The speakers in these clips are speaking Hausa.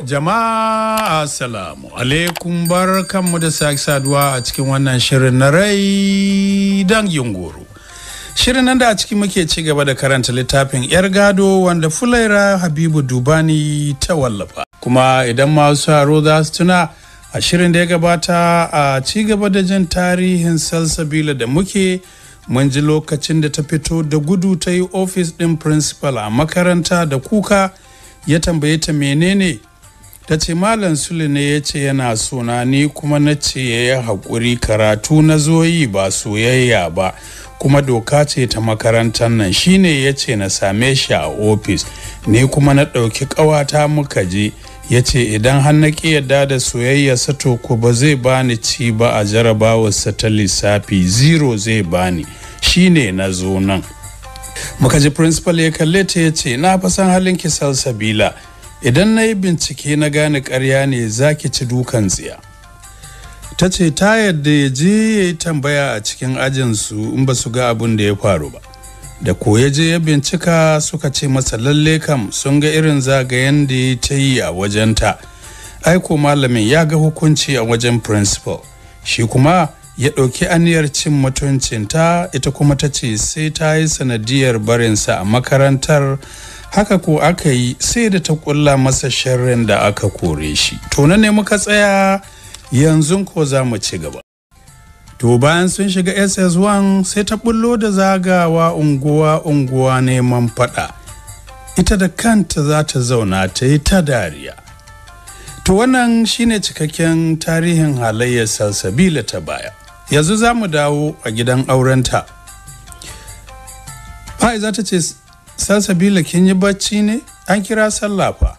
Jama'a salamu alaikum bar kanmu da sake saduwa a cikin wannan shirin na rai dangin goro. Shirin nan da a ciki muke ci gaba da karanta littafin 'yar gado wanda Fulaira Habibu Dubani ta wallafa. Kuma idan masu haro za su tuna a shirin da ya gabata a ci gaba da jin tarihin salsabila da muke mun ji lokacin da ta fito da gudu ta yi ofis ɗin principal a makaranta da kuka ya tambaye ta menene ta ce malam sule ne ya ce yana suna ni kuma na ce ya yi haƙuri karatu na zoyi ba soyayya ba kuma doka ce ta makarantar nan shine ya ce na same shi a ofis ni kuma na ɗauki ƙawata muka je ya ce idan har na ƙi yarda da soyayya sato ko ba zai bani ci ba a sa ta lissafi zero zai bani shine na zo nan muka ji principal ya kalle ta ya ce na fasan halin ki salsabila idan na yi bincike na gane karya ne zaki ci dukan tsiya ta ce ta yadda ya je ya yi tambaya a cikin ajinsu in ba su ga abin da ya faru ba da ko ya je ya bincika suka ce masa lalle kam sun ga irin zagayen da ya ta yi a wajenta aiko malamin ya ga hukunci a wajen principal shi kuma ya ɗauki aniyar cin mutuncinta ita kuma ta ce sai ta yi sanadiyar barinsa a makarantar haka ko aka yi sai da ta kulla masa sharrin da aka kore shi to ne muka tsaya yanzu ko za mu ci gaba to bayan sun shiga ss1 sai ta bullo da zagawa unguwa unguwa neman fada ita da kanta za ta zauna ta yi ta dariya to wannan shine cikakken tarihin halayyar salsabila ta baya yanzu za mu dawo a gidan aurenta fa'iza ta ce salsabila kin yi bacci ne an kira sallah fa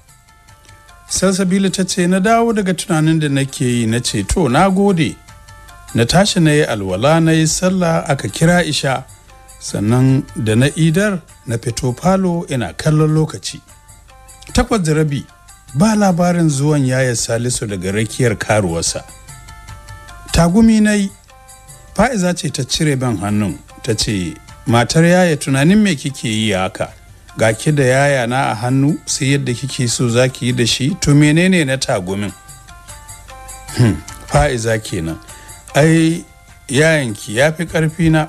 salsabila ta ce na dawo daga tunanin da nake yi na ce to na gode na tashi na yi alwala na yi sallah aka kira isha sannan da na idar na fito falo ina kallon lokaci takwas da rabi ba labarin zuwan yaya salisu daga rakiyar karuwarsa tagumi na yi fa'iza ce ta cire ban hannun ta ce matar yaya tunanin me kike yi haka ga ki da yaya na a hannu sai yadda kike so za ki yi da shi to menene na tagumin hmm, fa'iza kenan ai yayanki ya fi karfi na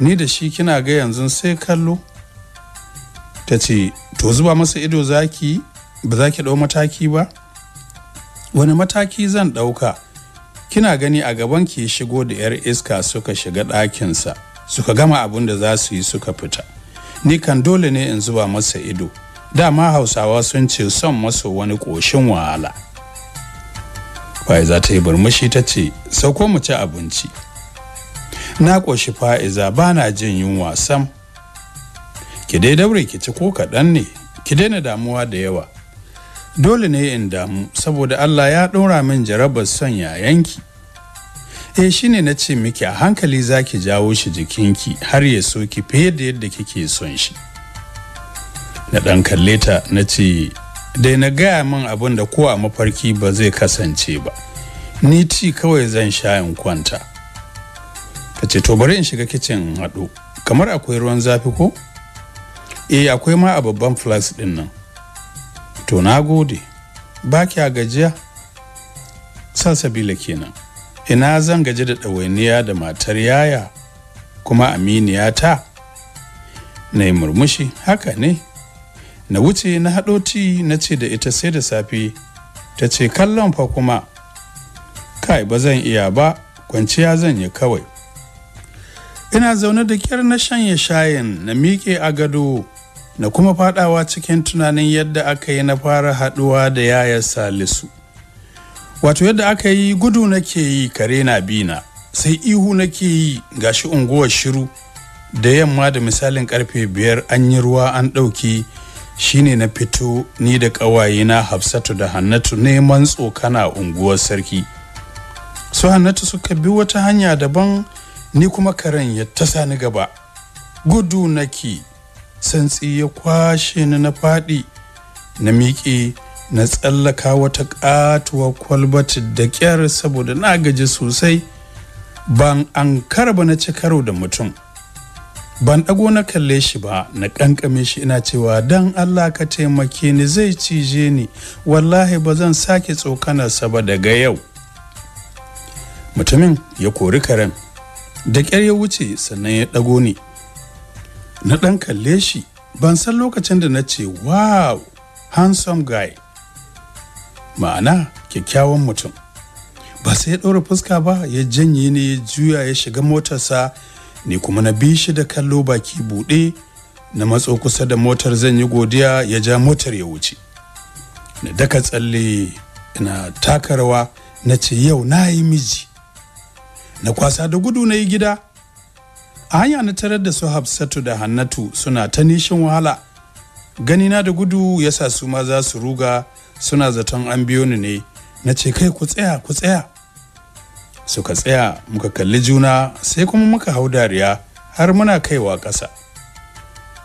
ni da shi kina ga yanzu sai kallo ta ce to zuba masa ido za ki ba za ki ɗau mataki ba wani mataki zan ɗauka kina gani a gaban ki shigo da 'yar iska suka shiga ɗakinsa suka gama abin da za su yi suka fita ni kan dole ne in zuba masa ido dama hausawa sun ce son maso wani ƙoshin wahala fa'iza ta yi burmushi ta ce sauko mu ci abinci na ƙoshi fa'iza ba na jin yunwa sam ki dai daure ki ci ko kaɗan ne ki daina damuwa da yawa dole ne in damu saboda allah ya ɗora min jarabar son yayanki eh ne na ce miki a hankali zaki jawo shi jikinki har ya so ki fiye da yadda kike son shi na dan kalle ta na ce dai na gaya min abin da ko a mafarki ba zai kasance ba ni ci kawai zan sha in kwanta ta ce to bari in shiga kicin in haɗu kamar akwai ruwan zafi ko eh akwai ma a babban flas ɗin nan to na gode ba kya gajiya sabila kenan ina zan gaji da ɗawainiya da matar yaya kuma aminiya ta na yi murmushi haka ne na wuce na haɗo ti na ce da ita sai da safe ta ce kallon fa kuma kai ba zan iya ba kwanciya zan yi kawai ina zaune da kyar na shanye shayin na miƙe agado, na kuma faɗawa cikin tunanin yadda aka yi na fara haɗuwa da yayar salisu wato yadda aka yi gudu nake yi kare na bina sai ihu nake yi ga shi unguwar shiru da yamma da misalin karfe biyar an yi ruwa an ɗauki shine na fito ni da ƙawaye na hafsatu da hannatu neman tsokana unguwar sarki su hannatu suka bi wata hanya daban ni kuma karen ya ta Sani gaba gudu nake santsi ya kwashe ni na faɗi na miƙe na tsallaka wata katuwa kwalbati da kyar saboda na gaji sosai ban an karba na ci karo da mutum ban ɗago na kalle shi ba na kankame shi ina cewa dan Allah ka taimake ni zai cije ni wallahi ba zan sake tsokanarsa ba daga yau mutumin ya kori karen da ƙyar ya wuce sannan ya ɗago ni na ɗan kalle shi ban san lokacin da na ce wow handsome guy ma'ana kyakkyawan mutum ba sai ya ɗora fuska ba ya janye ne ya juya ya shiga motarsa ne, kuma na bi shi da kallo baki buɗe na matso kusa da motar zan yi godiya ya ja motar ya wuce na daka tsalle na taka rawa na ce yau na yi miji na kwasa da gudu na yi gida a hanya na tarar da su hafsatu da hannatu suna ta nishin wahala ganina da gudu yasa su ma za su ruga suna zaton an biyo ni ne na ce kai ku tsaya ku tsaya suka tsaya muka kalli juna sai kuma muka hau dariya har muna kaiwa ƙasa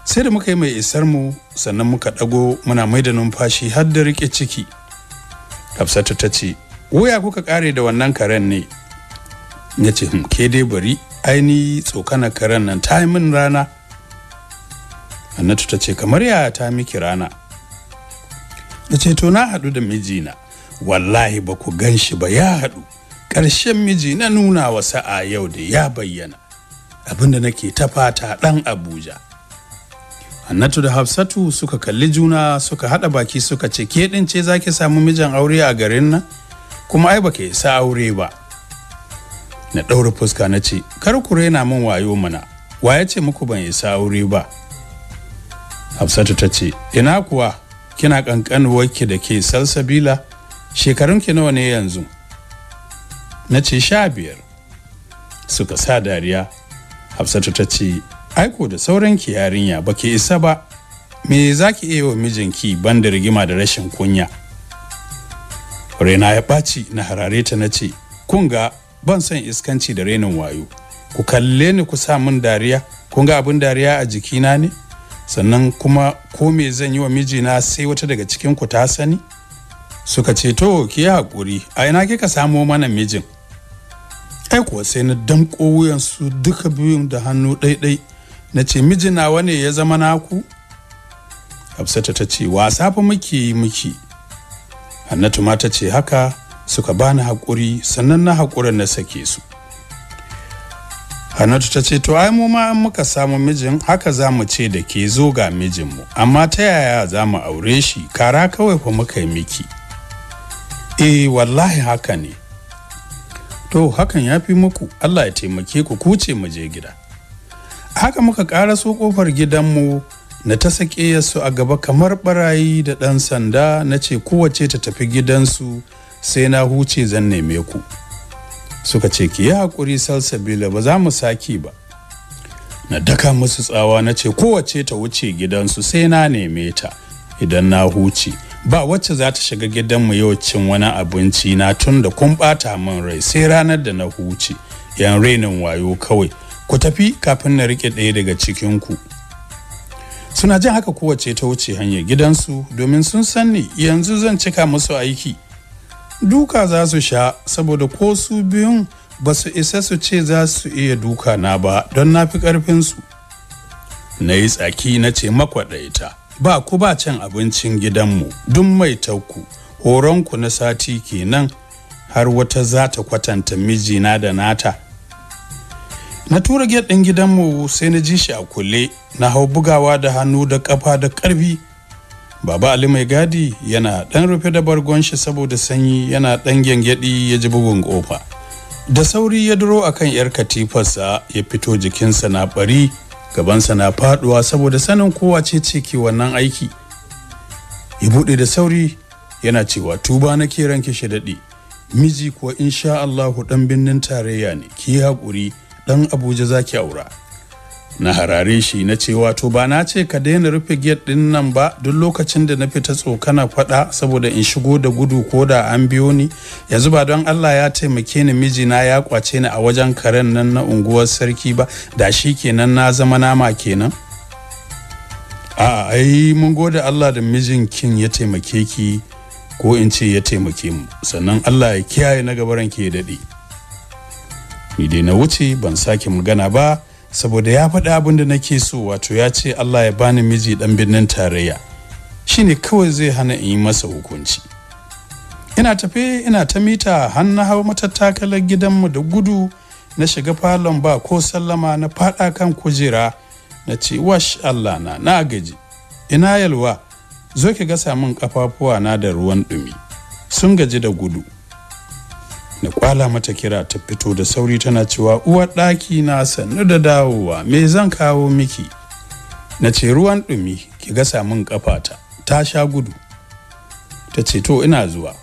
sai da muka yi mai isar mu sannan muka ɗago muna mai da numfashi har da riƙe ciki hafsatu ta ce wuya kuka ƙare da wannan karen ne ya ce hmm, ke dai bari aini tsokana karen nan ta yi min rana annatu ta ce kamar ya ta miki rana ta ce to na haɗu da mijina wallahi ba ku gan shi ba ya haɗu ƙarshen miji na nuna wa sa'a yau da ya bayyana abin da nake ta fata ɗan abuja Hannatu da Hafsatu suka kalli juna suka haɗa baki suka ce ke ɗin ce zaki samu mijin aure a garin nan kuma ai baka isa aure ba. Na ɗaura fuska na ce kar ku rena min wayo mana wa ya ce muku ban isa aure ba. Hafsatu ta ce ina kuwa kina ƙanƙanuwarki da ke salsabila shekarun ki nawa ne yanzu na ce sha biyar suka sa dariya hafsatu ta ce aiko da sauran ki yarinya ba ke isa ba me za ki iya wa mijinki ban da rigima da rashin kunya raina ya ɓaci na harare ta na ce kun ga ban son iskanci da renin wayo ku kalle ni ku sa min dariya kun ga abin dariya a jikina ne sannan kuma ko me zan yi wa mijina sai wata daga cikin ku ta sani suka ce to ki haƙuri a ina kika samo mana mijin ai kuwa sai na damƙo wuyansu duka biyun da hannu ɗaiɗai na ce mijina wane ne ya zama naku hafsata ta ce wasa fa muke yi muke hannatu ma ta ce haka suka bani hakuri, sannan na haƙuran na sake su hannatu ta ce to ai mu ma muka samu mijin haka za mu ce da ke zo ga mijinmu amma ta yaya za mu aure shi kara kawai fa muka yi miki eh wallahi haka ne to hakan ya fi muku allah ya taimake ku kuce mu je gida haka muka ƙara so kofar gidanmu na ta sake su a gaba kamar barayi da ɗan sanda na ce kowace ta tafi gidansu sai na huce zan neme ku suka ce ki yi haƙuri salsabila ba za mu saki ba na daka musu tsawa na ce kowace ta wuce gidansu sai na neme ta idan na huce ba wacce za ta shiga gidanmu yau cin wani abinci na tun da kun ɓata min rai sai ranar da na huce yan renin wayo kawai ku tafi kafin na rike ɗaya daga cikinku suna jin haka kowace ta wuce hanyar gidansu domin sun san yanzu zan cika musu aiki duka za su sha saboda ko su biyun ba su isa su ce za su iya duka na ba don na fi ƙarfinsu na yi tsaki na ce makwaɗaita ba ku ba can abincin gidanmu duk mai tauku horonku na sati kenan har wata za ta kwatanta mijina da nata na tura gyaɗin gidanmu sai na ji shi a kulle na hau bugawa da hannu da ƙafa da ƙarfi Baba Ali mai gadi yana ɗan rufe da bargon shi saboda sanyi yana ɗan gyangyaɗi ya ji bugun ƙofa. Da sauri ya duro a kan ‘yar katifarsa ya fito jikinsa na ɓari, gabansa na faɗuwa saboda sanin kowa ce ce ke wannan aiki. Ya buɗe da sauri yana cewa tuba na ke ranke shi daɗi. Miji kuwa insha Allahu ɗan birnin tarayya ne, ki haƙuri ɗan Abuja zaki aura. na harare shi na ce wato ba na ce ka daina rufe gate din nan ba duk lokacin da na fita tsokana faɗa saboda in shigo da gudu ko da an biyo ni yanzu ba don Allah ya taimake ni mijina ya kwace ni a wajen karen nan na unguwar sarki ba da shi kenan na zama nama kenan a ai mun gode Allah da mijin kin ya taimake ki ko in ce ya taimake mu sannan Allah ya kiyaye na gabaran ke daɗi ni dai na wuce ban sake magana ba saboda ya faɗi abin da nake so wato ya ce Allah ya bani miji ɗan birnin tarayya shine kawai zai hana in yi masa hukunci ina tafe ina ta mita har na hau matattakalar gidanmu da gudu na shiga falon ba ko sallama na faɗa kan kujera na ce wash Allah na na gaji ina yalwa zo ki gasa min kafafuwa na da ruwan dumi sun gaji da gudu na kwala mata kira ta fito da sauri tana cewa uwar ɗaki na sannu da dawowa me zan kawo miki na ce ruwan ɗumi ki gasa min ƙafata ta ta sha gudu ta ce to ina zuwa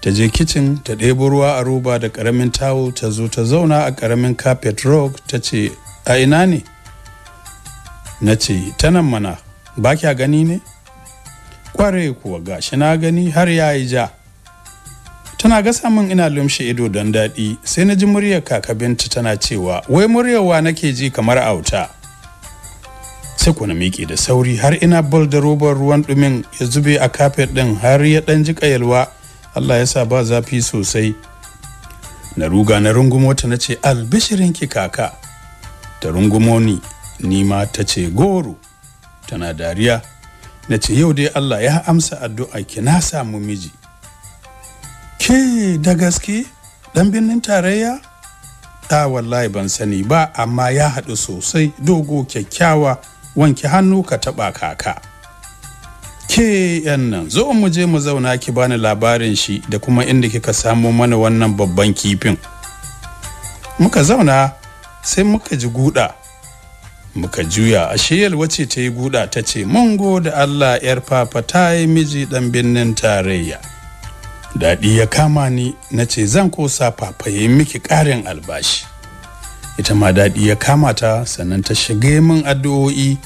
ta je kicin ta ɗebo ruwa a roba da ƙaramin tawo ta zo ta zauna a ƙaramin carpet rock ta ce a ina ne na ce ta nan mana ba kya gani ne kware kuwa gashi na gani har ya yi ja suna gasa min ina lumshe ido don daɗi sai na ji muryar kaka binta tana cewa wai muryarwa nake ji kamar auta sai ku na miƙe da sauri har ina bol da robar ruwan ɗumin ya zube a kafet ɗin har ya ɗan ji ƙayalwa allah ya sa ba zafi sosai na ruga na rungumo ta na ce ki kaka ta rungumo ni nima ta ce goro tana dariya na ce yau dai allah ya amsa addu'a ki na samu miji She da gaske dan birnin tarayya? Ta wallahi ban sani ba amma ya haɗu sosai dogo kyakkyawa wanke hannu ka taɓa kaka. Ke yan nan zo mu je mu zauna ki bani labarin shi da kuma inda kika samo mana wannan babban kifin. Muka zauna sai muka ji guda. muka juya ashe wace ta yi guda ta ce mun gode allah yar papa ta yi miji dan birnin tarayya daɗi ya kama ni na ce zan kosa fafaye miki ƙarin albashi ita ma daɗi ya kama ta sannan ta shige min addu'o'i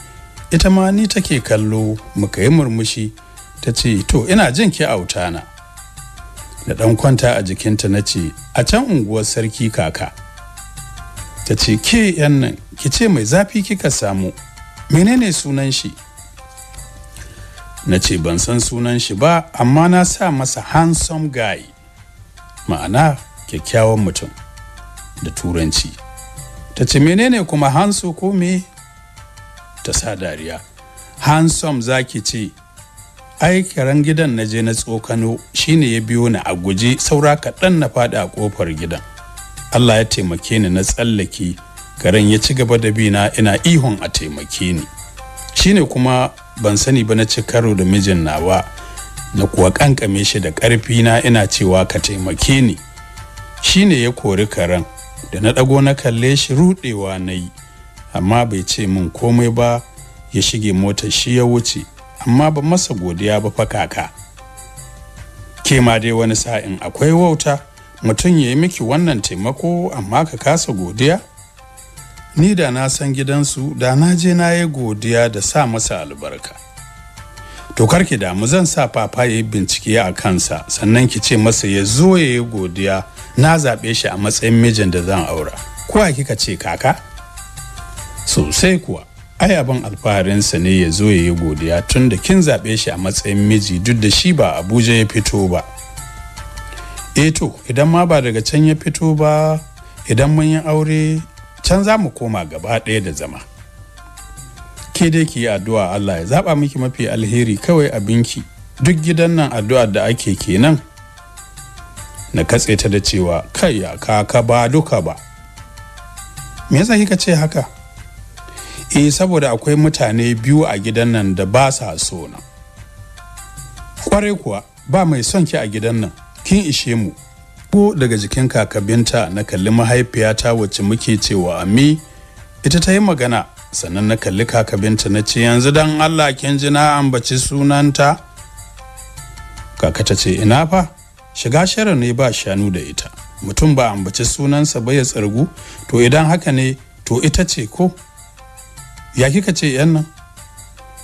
ita ma ni take kallo muka yi murmushi ta ce to ina jin ki auta na. da ɗan kwanta a jikinta na ce a can unguwar sarki kaka ta ce ke yan nan ki ce mai zafi kika samu menene sunan shi na ce ban san sunan shi ba amma na sa masa handsome guy ma'ana kyakkyawan mutum da turanci ta ce menene kuma hanso ko me ta sa dariya handsome za ki ce ai karen gidan na je na tsokano shine ya biyo ni a guje saura kaɗan na faɗi a ƙofar gidan allah ya taimake ni na tsallake karen ya ci gaba da bina ina ihun a taimake ni shine kuma ban sani ba na ci karo da mijin nawa na kuwa kankame shi da ƙarfi na ina cewa ka taimake ni shine ya kori karen da na ɗago na kalle shi ruɗewa na yi amma bai ce min komai ba ya shige motar shi ya wuce amma ba masa godiya ba fakaka ke ma dai wani sa'in akwai wauta mutum ya yi miki wannan taimako amma ka kasa godiya ni da na san gidansu da na je na yi godiya da sa masa albarka to karki damu zan sa papa ya yi bincike a kansa sannan ki ce masa ya zo ya yi godiya na zaɓe shi a matsayin mijin da zan aura kuwa kika ce kaka sosai kuwa ai abin alfaharinsa ne ya zo ya yi godiya tun da kin zaɓe shi a matsayin miji duk da shi ba abuja ya fito ba e to idan ma ba daga can ya fito ba idan mun yi aure can za mu koma gaba ɗaya da zama ke dai ki yi addu'a Allah ya zaɓa miki mafi alheri kawai abinki duk gidan nan addu'ar da ake kenan na katse ta da cewa kai ya kaka ba duka ba me yasa kika ce haka eh saboda akwai mutane biyu a gidan nan da ba sa so na kwarai kuwa ba mai son ki a gidan nan kin ishe mu ko daga jikin kakabinta na kalli mahaifiyata wacce muke cewa ami ita ta yi magana sannan na kalli kakabinta na ce yanzu don allah kin ji na ambaci sunanta kaka ta ce ina fa shiga shara ne ba shanu da ita mutum ba ambaci sunansa ba ya tsargu to idan haka ne to ita ce ko ya kika ce yan nan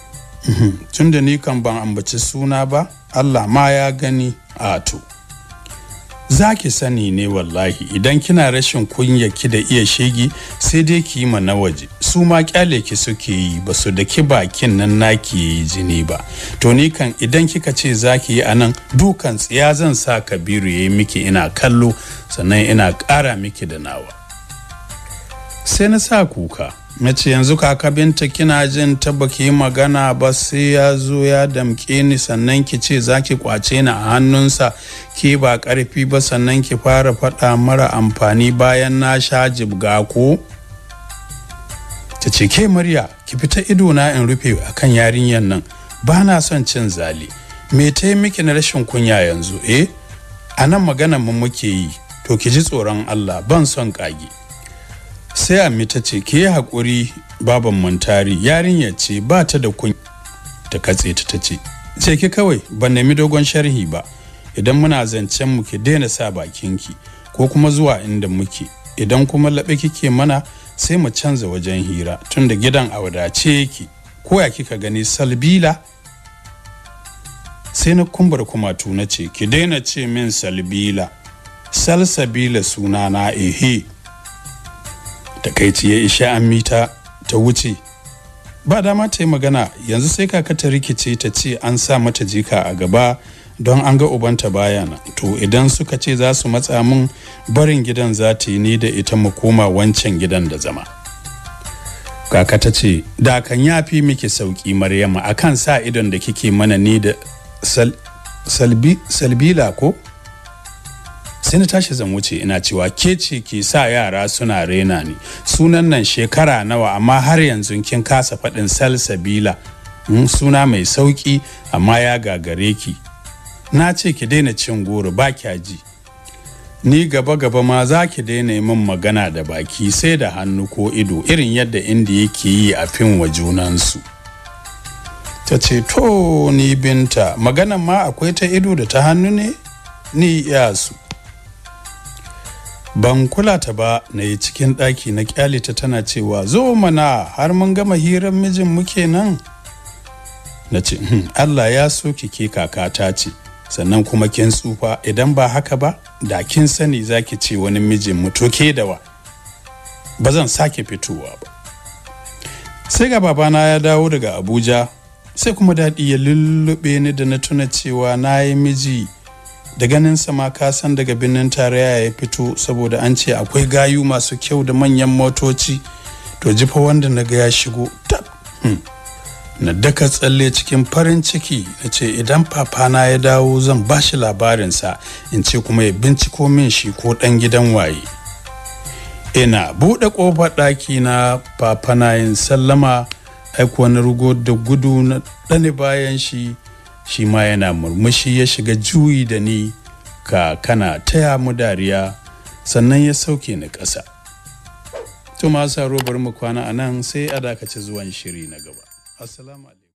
tun da ni kan ban ambaci suna ba allah ma ya gani a to zaki sani ne wallahi idan kina rashin kunya ki da iya shegi sai dai ki yi ma na waje su ma kyale ki suke yi ba su da ki bakin nan naki yi jini ba to ni kan idan kika ce zaki yi anan dukan tsiya zan sa kabiru ya yi miki ina kallo sannan ina ƙara miki da nawa sai na sa kuka mace yanzu kaka binta kina jin taba ki yi magana ba sai ya zo ya damke ni sannan ki ce za ki kwace ni a hannunsa ki ba karfi ba sannan ki fara faɗa mara amfani bayan na sha jibga ko ta ce ke murya ki fita ido na in rufe a akan yarinyar nan ba na son cin zali me ta yi miki na rashin kunya yanzu eh a nan magana mu muke yi to ki ji tsoron Allah ban son kagi sai ammi ta ce ke haƙuri baban mantari yarinya ce ba ta da kun ta katse ta ta ce ce ki kawai ban nemi dogon sharhi ba idan muna zancen mu ki daina sa bakin ki ko kuma zuwa inda muke idan kuma laɓe kike mana sai mu canza wajen hira tunda gidan a wadace yake ko ya kika gani salbila sai na kumbar kuma tuna ce ki daina ce min salbila salsabila sunana ehe takaici ya isha an mita ta wuce ba dama ta yi magana yanzu sai kaka ta rikice ta ce an sa mata jika a gaba don an ga ubanta na to idan suka ce za su matsa min barin gidan za ta yi ni da ita mu koma wancan gidan da zama kaka ta ce da kan ya fi miki sauki maryama akan sa idon da kike mana ni da salbi, salbila ko sai na tashi zan wuce ina cewa ke ce ke sa yara suna rena ni sunan nan shekara nawa amma har yanzu kin kasa faɗin salsabila hmm, suna mai sauƙi amma ya gagare ki na ce ki daina cin goro ba kya ji ni gaba gaba ma za ki daina min magana da baki sai da hannu ko ido irin yadda inda yake yi a fin wa junansu ta ce to ni binta maganan ma akwai ta ido da ta hannu ne ni iyasu ban kula ta ba na yi cikin ɗaki na ta tana cewa zo mana har mun gama hirar mijin muke nan na ce hmm, allah ya so kike ta ce sannan kuma kin tsufa idan ba haka ba da kin sani za ki ce wani mijin To ke dawa ba zan sake fitowa ba sai ga babana ya dawo daga abuja sai kuma daɗi ya lullube ni da na tuna cewa na yi miji da ganin sama ka san daga birnin tarayya ya fito saboda an ce akwai gayu masu kyau da manyan motoci to jifa wanda na ga ya shigo tab hmm. na daka tsalle cikin farin ciki na ce idan papana ya dawo zan ba shi labarinsa in ce kuma ya binciko min shi ko dan gidan waye ina buɗe ƙofar ɗaki na papana yin sallama aiko na rugo da gudu na ɗani bayan shi shi ma yana murmushi ya shiga juyi da ni ka kana taya mu dariya sannan ya sauke ni ƙasa. Tuma sa robar mu kwana a nan sai a dakaci zuwan shiri na gaba. Assalamu